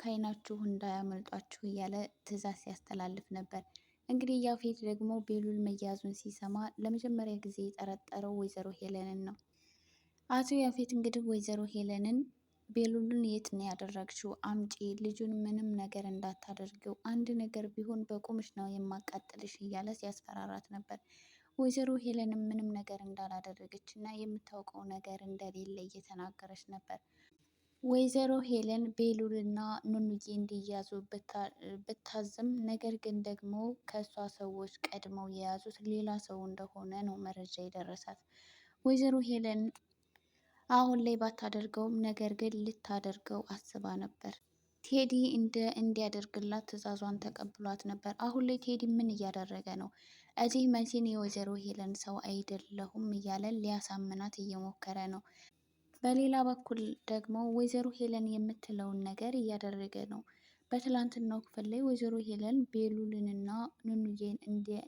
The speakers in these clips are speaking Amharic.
ከአይናችሁ እንዳያመልጧችሁ እያለ ትዕዛዝ ሲያስተላልፍ ነበር። እንግዲህ ያፌት ደግሞ ቤሉል መያዙን ሲሰማ ለመጀመሪያ ጊዜ የጠረጠረው ወይዘሮ ሄለንን ነው። አቶ ያፌት እንግዲህ ወይዘሮ ሄለንን ቤሉልን የት ነው ያደረግችው አምጪ ልጁን ምንም ነገር እንዳታደርገው፣ አንድ ነገር ቢሆን በቁምሽ ነው የማቃጥልሽ እያለ ሲያስፈራራት ነበር። ወይዘሮ ሄለንም ምንም ነገር እንዳላደረገች እና የምታውቀው ነገር እንደሌለ እየተናገረች ነበር። ወይዘሮ ሄለን ቤሉልና ኑኑዬ እንዲያዙ ብታዝም ነገር ግን ደግሞ ከእሷ ሰዎች ቀድመው የያዙት ሌላ ሰው እንደሆነ ነው መረጃ የደረሳት። ወይዘሮ ሄለን አሁን ላይ ባታደርገውም ነገር ግን ልታደርገው አስባ ነበር። ቴዲ እንደ እንዲያደርግላት ትዕዛዟን ተቀብሏት ነበር። አሁን ላይ ቴዲ ምን እያደረገ ነው? እዚህ መሲን የወይዘሮ ሄለን ሰው አይደለሁም እያለ ሊያሳምናት እየሞከረ ነው። በሌላ በኩል ደግሞ ወይዘሮ ሄለን የምትለውን ነገር እያደረገ ነው። በትላንትናው ክፍል ላይ ወይዘሮ ሄለን ቤሉልንና ኑኑዬን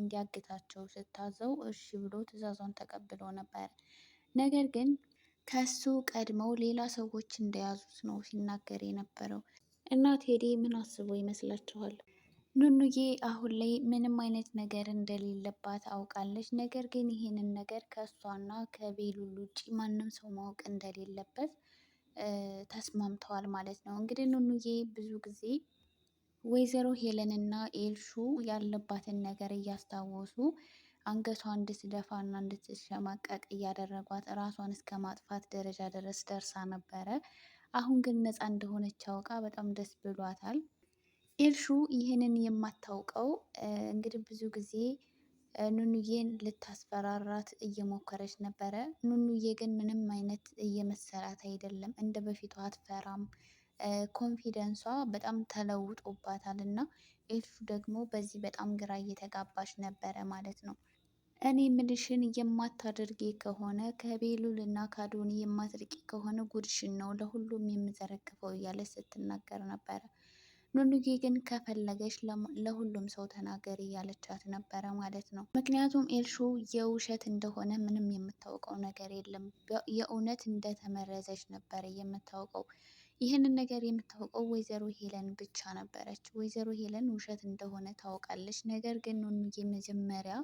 እንዲያግታቸው ስታዘው እሺ ብሎ ትእዛዟን ተቀብሎ ነበር። ነገር ግን ከሱ ቀድመው ሌላ ሰዎች እንደያዙት ነው ሲናገር የነበረው እና ቴዲ ምን አስቦ ይመስላችኋል? ኑኑዬ አሁን ላይ ምንም አይነት ነገር እንደሌለባት አውቃለች። ነገር ግን ይህንን ነገር ከእሷና ከቤሉል ውጭ ማንም ሰው ማወቅ እንደሌለበት ተስማምተዋል ማለት ነው። እንግዲህ ኑኑዬ ብዙ ጊዜ ወይዘሮ ሄለን እና ኤልሹ ያለባትን ነገር እያስታወሱ አንገቷ እንድትደፋና እንድትሸማቀቅ እያደረጓት ራሷን እስከ ማጥፋት ደረጃ ድረስ ደርሳ ነበረ። አሁን ግን ነፃ እንደሆነች አውቃ በጣም ደስ ብሏታል። ኤልሹ ይህንን የማታውቀው እንግዲህ ብዙ ጊዜ ኑኑዬን ልታስፈራራት እየሞከረች ነበረ። ኑኑዬ ግን ምንም አይነት እየመሰላት አይደለም፣ እንደ በፊቷ አትፈራም። ኮንፊደንሷ በጣም ተለውጦባታል እና ኤልሹ ደግሞ በዚህ በጣም ግራ እየተጋባች ነበረ ማለት ነው። እኔ ምልሽን የማታደርጊ ከሆነ ከቤሉል እና ካዶኒ የማትርቂ ከሆነ ጉድሽን ነው ለሁሉም የምዘረግፈው እያለ ስትናገር ነበረ። ሉልዬ ግን ከፈለገች ለሁሉም ሰው ተናገሪ እያለቻት ነበረ ማለት ነው። ምክንያቱም ኤልሹ የውሸት እንደሆነ ምንም የምታውቀው ነገር የለም። የእውነት እንደተመረዘች ነበረ የምታውቀው። ይህንን ነገር የምታውቀው ወይዘሮ ሄለን ብቻ ነበረች። ወይዘሮ ሄለን ውሸት እንደሆነ ታውቃለች። ነገር ግን ኑኑዬ መጀመሪያ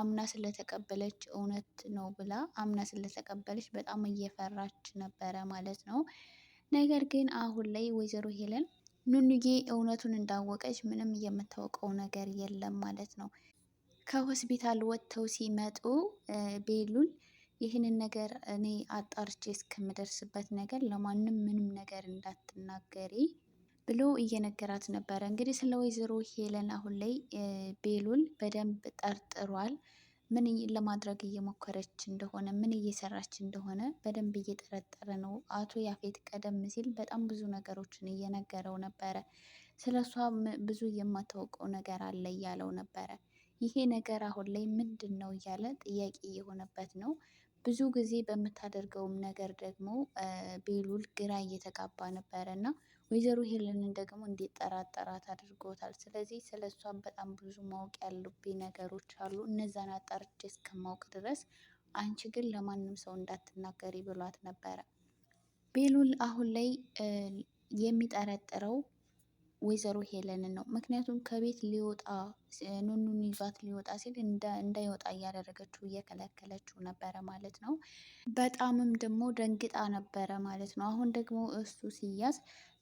አምና ስለተቀበለች እውነት ነው ብላ አምና ስለተቀበለች በጣም እየፈራች ነበረ ማለት ነው። ነገር ግን አሁን ላይ ወይዘሮ ሄለን ኑኑዬ እውነቱን እንዳወቀች ምንም የምታውቀው ነገር የለም ማለት ነው። ከሆስፒታል ወጥተው ሲመጡ ቤሉል ይህንን ነገር እኔ አጣርቼ እስከምደርስበት ነገር ለማንም ምንም ነገር እንዳትናገሪ ብሎ እየነገራት ነበረ። እንግዲህ ስለ ወይዘሮ ሄለን አሁን ላይ ቤሉል በደንብ ጠርጥሯል። ምን ለማድረግ እየሞከረች እንደሆነ ምን እየሰራች እንደሆነ በደንብ እየጠረጠረ ነው። አቶ ያፌት ቀደም ሲል በጣም ብዙ ነገሮችን እየነገረው ነበረ። ስለ እሷ ብዙ የማታውቀው ነገር አለ እያለው ነበረ። ይሄ ነገር አሁን ላይ ምንድን ነው እያለ ጥያቄ እየሆነበት ነው። ብዙ ጊዜ በምታደርገውም ነገር ደግሞ ቤሉል ግራ እየተጋባ ነበረ እና ወይዘሮ ሄለንን ደግሞ እንዲጠራጠራት አድርጎታል። ስለዚህ ስለ በጣም ብዙ ማወቅ ያሉብኝ ነገሮች አሉ። እነዛን አጣርቼ እስከማወቅ ድረስ አንቺ ግን ለማንም ሰው እንዳትናገሪ ብሏት ነበረ። ቤሉል አሁን ላይ የሚጠረጥረው ወይዘሮ ሄለንን ነው። ምክንያቱም ከቤት ሊወጣ ኑኑን ይዟት ሊወጣ ሲል እንዳይወጣ እያደረገችው እየከለከለችው ነበረ ማለት ነው። በጣምም ደግሞ ደንግጣ ነበረ ማለት ነው። አሁን ደግሞ እሱ ሲያዝ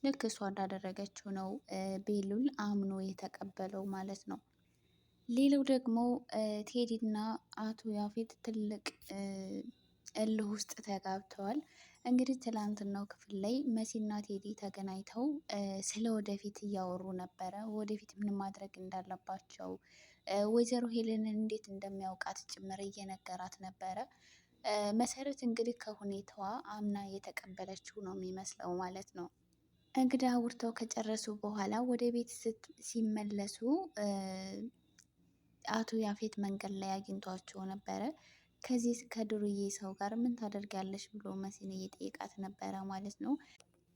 ልክ እሷ እንዳደረገችው ነው ቤሉል አምኖ የተቀበለው ማለት ነው። ሌላው ደግሞ ቴዲና አቶ ያፌት ትልቅ እልህ ውስጥ ተጋብተዋል። እንግዲህ ትላንትናው ክፍል ላይ መሲና ቴዲ ተገናኝተው ስለ ወደፊት እያወሩ ነበረ። ወደፊት ምን ማድረግ እንዳለባቸው ወይዘሮ ሄለንን እንዴት እንደሚያውቃት ጭምር እየነገራት ነበረ። መሰረት እንግዲህ ከሁኔታዋ አምና እየተቀበለችው ነው የሚመስለው ማለት ነው። እንግዲህ አውርተው ከጨረሱ በኋላ ወደ ቤት ሲመለሱ አቶ ያፌት መንገድ ላይ አግኝቷቸው ነበረ። ከዚህ ከድሩዬ ሰው ጋር ምን ታደርጋለች ብሎ መሲን እየጠየቃት ነበረ ማለት ነው።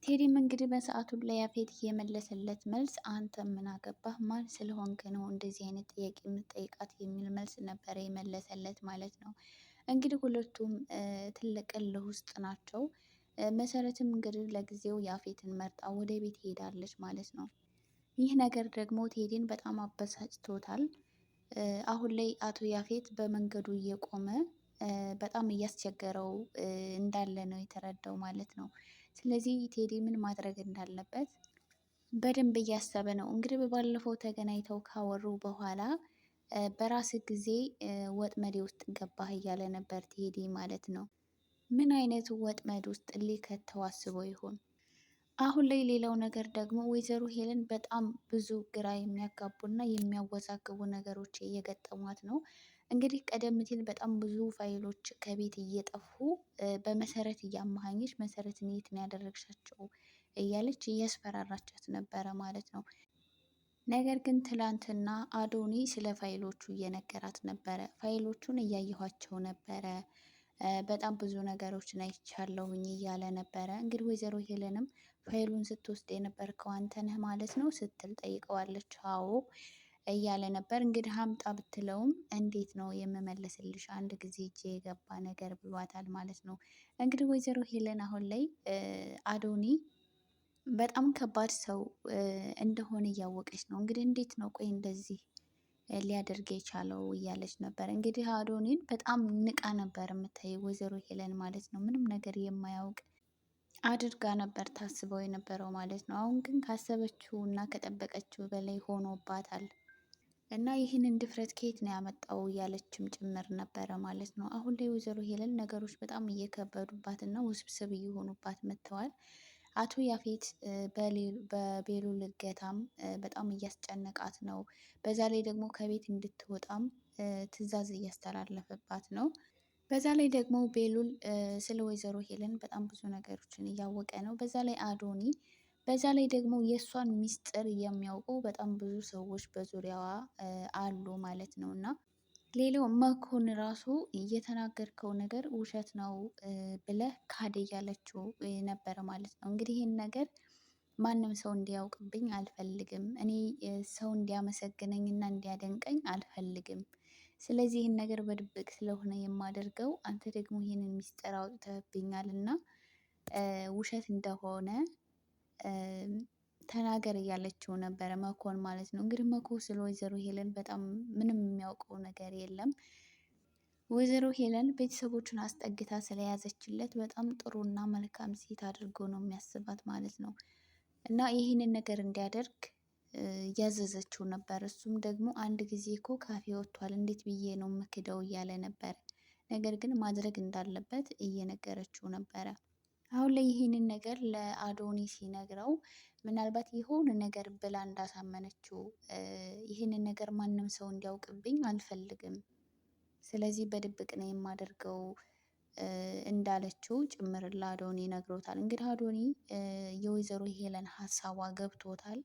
ቴዲም እንግዲህ በሰዓቱ ላይ ያፌት የመለሰለት መልስ አንተ ምን አገባህ ማን ስለሆንክ ነው እንደዚህ አይነት ጥያቄ የምትጠይቃት የሚል መልስ ነበረ የመለሰለት ማለት ነው። እንግዲህ ሁለቱም ትልቅ እልህ ውስጥ ናቸው። መሰረትም እንግዲህ ለጊዜው ያፌትን መርጣ ወደ ቤት ሄዳለች ማለት ነው። ይህ ነገር ደግሞ ቴዲን በጣም አበሳጭቶታል። አሁን ላይ አቶ ያፌት በመንገዱ እየቆመ በጣም እያስቸገረው እንዳለ ነው የተረዳው ማለት ነው። ስለዚህ ቴዲ ምን ማድረግ እንዳለበት በደንብ እያሰበ ነው። እንግዲህ በባለፈው ተገናኝተው ካወሩ በኋላ በራስ ጊዜ ወጥመድ ውስጥ ገባህ እያለ ነበር ቴዲ ማለት ነው። ምን አይነቱ ወጥመድ ውስጥ ሊከተው አስቦ ይሆን? አሁን ላይ ሌላው ነገር ደግሞ ወይዘሮ ሄለን በጣም ብዙ ግራ የሚያጋቡና የሚያወዛግቡ ነገሮች እየገጠሟት ነው። እንግዲህ ቀደም ሲል በጣም ብዙ ፋይሎች ከቤት እየጠፉ በመሰረት እያማሃኘች መሰረትን የት ነው ያደረግሻቸው እያለች እያስፈራራቻት ነበረ ማለት ነው። ነገር ግን ትላንትና አዶኒ ስለ ፋይሎቹ እየነገራት ነበረ። ፋይሎቹን እያየኋቸው ነበረ፣ በጣም ብዙ ነገሮችን አይቻለሁኝ እያለ ነበረ። እንግዲህ ወይዘሮ ሄለንም ፋይሉን ስትወስድ የነበርከው አንተ ነህ ማለት ነው ስትል ጠይቀዋለች። አዎ እያለ ነበር። እንግዲህ ሀምጣ ብትለውም እንዴት ነው የምመለስልሽ አንድ ጊዜ እጄ የገባ ነገር ብሏታል ማለት ነው። እንግዲህ ወይዘሮ ሄለን አሁን ላይ አዶኒ በጣም ከባድ ሰው እንደሆነ እያወቀች ነው። እንግዲህ እንዴት ነው ቆይ እንደዚህ ሊያደርግ የቻለው እያለች ነበር። እንግዲህ አዶኒን በጣም ንቃ ነበር የምታየው ወይዘሮ ሄለን ማለት ነው። ምንም ነገር የማያውቅ አድርጋ ነበር ታስበው የነበረው ማለት ነው። አሁን ግን ካሰበችው እና ከጠበቀችው በላይ ሆኖባታል። እና ይህንን ድፍረት ከየት ነው ያመጣው እያለችም ጭምር ነበረ ማለት ነው። አሁን ላይ ወይዘሮ ሄለን ነገሮች በጣም እየከበዱባት እና ውስብስብ እየሆኑባት መጥተዋል። አቶ ያፌት በቤሉል እገታም በጣም እያስጨነቃት ነው። በዛ ላይ ደግሞ ከቤት እንድትወጣም ትዕዛዝ እያስተላለፈባት ነው። በዛ ላይ ደግሞ ቤሉል ስለ ወይዘሮ ሄለን በጣም ብዙ ነገሮችን እያወቀ ነው። በዛ ላይ አዶኒ በዛ ላይ ደግሞ የእሷን ሚስጥር የሚያውቁ በጣም ብዙ ሰዎች በዙሪያዋ አሉ ማለት ነው። እና ሌላው መኮን ራሱ የተናገርከው ነገር ውሸት ነው ብለህ ካደ እያለችው ነበረ ማለት ነው። እንግዲህ ይህን ነገር ማንም ሰው እንዲያውቅብኝ አልፈልግም። እኔ ሰው እንዲያመሰግነኝ እና እንዲያደንቀኝ አልፈልግም። ስለዚህ ይህን ነገር በድብቅ ስለሆነ የማደርገው አንተ ደግሞ ይህንን ሚስጥር አውጥተህብኛል እና ውሸት እንደሆነ ተናገር እያለችው ነበረ መኮን ማለት ነው። እንግዲህ መኮ ስለ ወይዘሮ ሄለን በጣም ምንም የሚያውቀው ነገር የለም። ወይዘሮ ሄለን ቤተሰቦቹን አስጠግታ ስለያዘችለት በጣም ጥሩ እና መልካም ሴት አድርጎ ነው የሚያስባት ማለት ነው። እና ይህንን ነገር እንዲያደርግ እያዘዘችው ነበር። እሱም ደግሞ አንድ ጊዜ እኮ ካፌ ወጥቷል፣ እንዴት ብዬ ነው ምክደው እያለ ነበር። ነገር ግን ማድረግ እንዳለበት እየነገረችው ነበረ። አሁን ላይ ይህንን ነገር ለአዶኒ ሲነግረው ምናልባት የሆነ ነገር ብላ እንዳሳመነችው ይህንን ነገር ማንም ሰው እንዲያውቅብኝ አልፈልግም፣ ስለዚህ በድብቅ ነው የማደርገው እንዳለችው ጭምር ለአዶኒ ነግሮታል። እንግዲህ አዶኒ የወይዘሮ ሄለን ሀሳቧ ገብቶታል።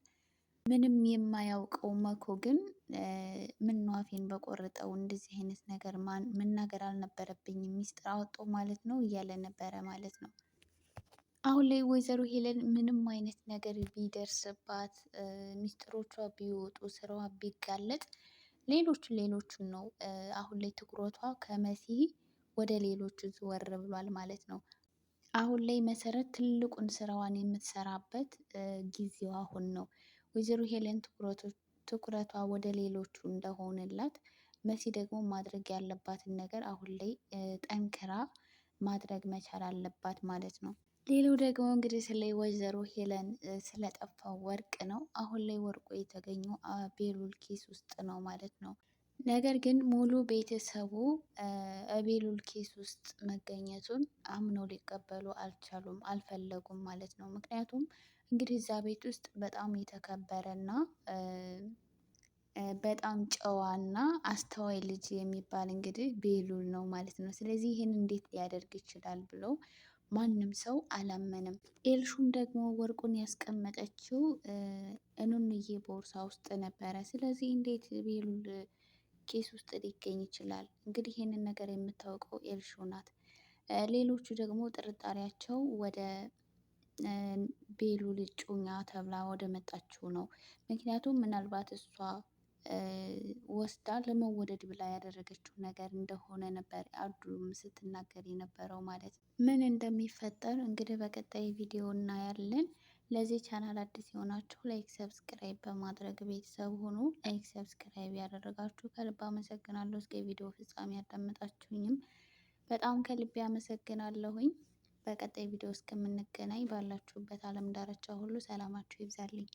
ምንም የማያውቀው መኮ ግን ምንዋፌን በቆረጠው በቆርጠው እንደዚህ አይነት ነገር መናገር አልነበረብኝም፣ ሚስጥር አወጣው ማለት ነው እያለ ነበረ ማለት ነው። አሁን ላይ ወይዘሮ ሄለን ምንም አይነት ነገር ቢደርስባት ሚስጥሮቿ ቢወጡ ስራዋ ቢጋለጥ ሌሎቹን ሌሎቹን ነው አሁን ላይ ትኩረቷ ከመሲህ ወደ ሌሎቹ ዝወር ብሏል ማለት ነው። አሁን ላይ መሰረት ትልቁን ስራዋን የምትሰራበት ጊዜው አሁን ነው። ወይዘሮ ሄለን ትኩረቷ ወደ ሌሎቹ እንደሆነላት መሲ ደግሞ ማድረግ ያለባትን ነገር አሁን ላይ ጠንክራ ማድረግ መቻል አለባት ማለት ነው። ሌላው ደግሞ እንግዲህ ስለ ወይዘሮ ሄለን ስለጠፋው ወርቅ ነው። አሁን ላይ ወርቁ የተገኘው ቤሉል ኬስ ውስጥ ነው ማለት ነው። ነገር ግን ሙሉ ቤተሰቡ ቤሉል ኬስ ውስጥ መገኘቱን አምነው ሊቀበሉ አልቻሉም፣ አልፈለጉም ማለት ነው። ምክንያቱም እንግዲህ እዛ ቤት ውስጥ በጣም የተከበረና በጣም ጨዋና አስተዋይ ልጅ የሚባል እንግዲህ ቤሉል ነው ማለት ነው። ስለዚህ ይህን እንዴት ሊያደርግ ይችላል ብለው ማንም ሰው አላመንም። ኤልሹም ደግሞ ወርቁን ያስቀመጠችው እኑንዬ ቦርሳ ውስጥ ነበረ። ስለዚህ እንዴት ቤሉል ኬስ ውስጥ ሊገኝ ይችላል? እንግዲህ ይህንን ነገር የምታውቀው ኤልሹ ናት። ሌሎቹ ደግሞ ጥርጣሬያቸው ወደ ቤሉል እጮኛ ተብላ ወደ መጣችው ነው። ምክንያቱም ምናልባት እሷ ወስዳ ለመወደድ ብላ ያደረገችው ነገር እንደሆነ ነበር አዱም ስትናገር የነበረው ማለት ነው። ምን እንደሚፈጠር እንግዲህ በቀጣይ ቪዲዮ እናያለን። ለዚህ ቻናል አዲስ የሆናችሁ ላይክ ሰብስክራይብ በማድረግ ቤተሰብ ሆኑ። ላይክ ሰብስክራይብ ያደረጋችሁ ከልብ አመሰግናለሁ። እስከ ቪዲዮ ፍጻሜ ያዳመጣችሁኝም በጣም ከልቤ አመሰግናለሁኝ። በቀጣይ ቪዲዮ እስከምንገናኝ ባላችሁበት ዓለም ዳርቻ ሁሉ ሰላማችሁ ይብዛልኝ።